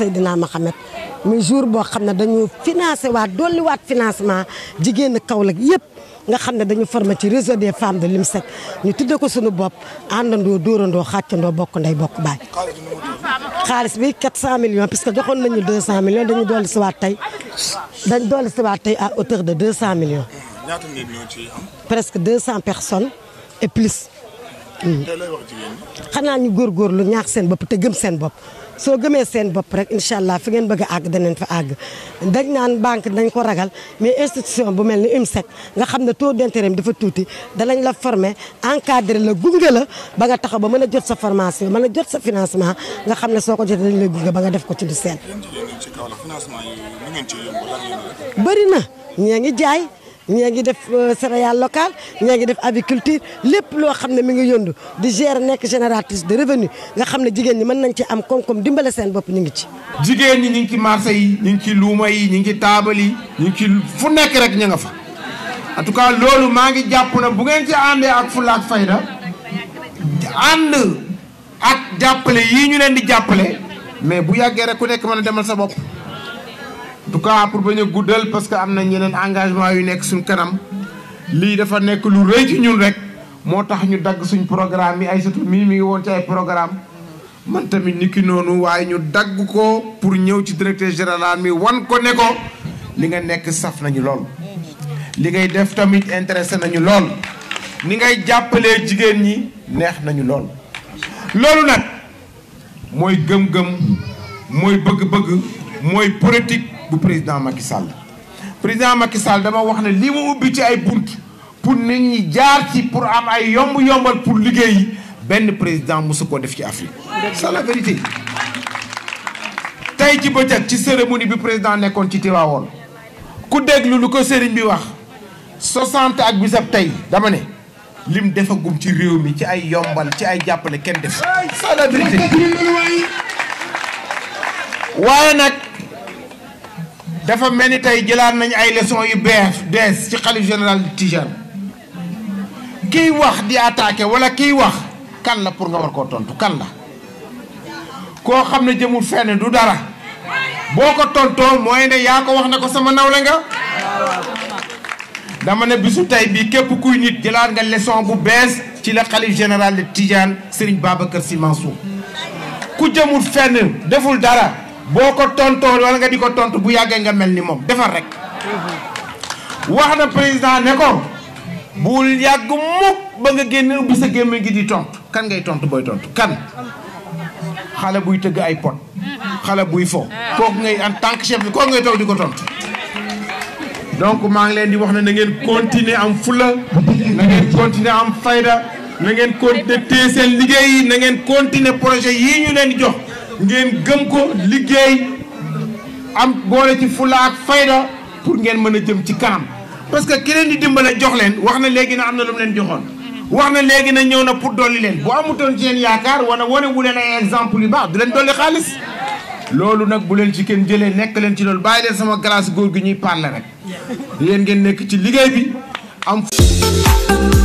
Seydina Mohamed muy jour boo xam ne dañu financé waat dolliwaat financement jigéen ak Kaolack yëpp nga xam ne dañu formé ci réseau des femmes de l'IMSEC ñu tudde ko suñu bopp àndandoo dóorandoo xàccandoo bokk ndey bokk baay xaalis bi 400 millions puisque joxoon nañu 200 millions dañu dolli si waat tey dañ doole si waat tey à hauteur de 200 millions. ñaata nit ñoo ciy am. presque 200 plus. xanaa ñu góorgóorlu ñaax seen bopp te gëm seen bopp soo gëmee seen bopp rek incha allah fi ngeen bëgg a àgg danañ fa àgg dañ naan banque dañ ko ragal mais institution bu mel ni UMSEC nga xam ne taux d'intérêt dafa tuuti danañ la former encadré la gunge la ba nga taxaw ba mën a jot sa formation mën a jot sa financement nga xam ne soo ko jotee dañ la gunge ba nga def ko ci du seen. bëri na ñee ngi jaay. ñaa ngi def euh, céréales locales ñaa ngi def aviculture lépp loo xam ne mi ngi yëndu di gérer nekk génératrice de revenu nga xam ne jigéen ñi mën nañ ci am koom-koom dimbale seen bopp ñu ngi ci. jigéen ñi ñu ngi ci marché yi ñu ngi ci luuma yi ñu ngi ci taabal yi ñu ngi ci fu nekk rek ñu nga fa en tout cas loolu maa ngi jàpp na bu ngeen ci àndee ak fulla ak ak jàppale yii ñu leen di jàppale mais bu yàggee rek ku nekk mën a demal sa bopp. tout cas pour ba a guddal parce que am na ñeneen engagement yu nekk suñu kanam lii dafa nekk lu rëy ci ñun rek moo tax ñu dagg suñu programme yi ay surtout mii mi ngi woon ci ay programme man tamit ni ki noonu waaye ñu dagg ko pour ñëw ci directeur général mi wan ko ne ko li nga nekk saf nañu lool li ngay def tamit intéressé nañu lool ni ngay jàppalee jigéen ñi neex nañu lool loolu nag mooy gëm-gëm mooy bëgg-bëgg mooy politique bu président Macky Sall président Macky Sall dama wax ne li mu ubbi ci ay bunt pour nit ñi jaar ci pour am ay yomb yombal pour liggéey benn président mosu ko def ci Afrique c'est la vérité tey ci bëccëg ci cérémonie bi président nekkoon ci Tiwaawoon ku déglu lu ko sëriñ bi wax soixante ak bisab tey dama ne lim defagum ci réew mi ci ay yombal ci ay jàppale kenn def c'est waaye nag dafa mel ni tey jëlaat nañu ay leçons yu bees dees ci xalif général Tijane kiy wax di attaqué wala kiy wax kan la pour nga war koo tontu kan la koo xam ne jëmul fenn du dara boo ko tontoo mooy ne yaa ko wax na ko sama nawle nga. dama ne bisu tey bii képp kuy nit jëlaat nga leçon bu bees ci la xalif général de Tijane Serigne Babacar Sy Mansour ku jëmul fenn deful dara. boo ko tontoon wala nga di ko tontu bu yàggee nga mel ni moom defar rek wax na président ne ko bul yàgg mukk ba nga génn ubbi sa gémmiñ gi di tontu kan ngay tontu booy tontu kan xale buy tëgg ay pot xale buy fo kooku ngay en tant que chef bi kooku ngay taw di ko tontu donc maa ngi leen di wax ne na ngeen continuer am fula na ngeen am fayda na ngeen continuer seen liggéey yi na ngeen continuer projet yii ñu leen di jox ngeen gëm ko liggéey am boole ci fulla ak fayda pour ngeen mën a jëm ci kanam parce que ki leen di dimbale jox leen wax na léegi na am na lu leen joxoon wax na léegi na ñëw na pour dolli leen bu amutoon ci leen yaakaar wana wane wu leen ay exemple yu baax du leen dolli xaalis loolu nag bu leen ci kenn jëlee nekk leen ci loolu bàyyi leen sama glace góor gi ñuy parler rek yéen ngeen nekk ci liggéey bi am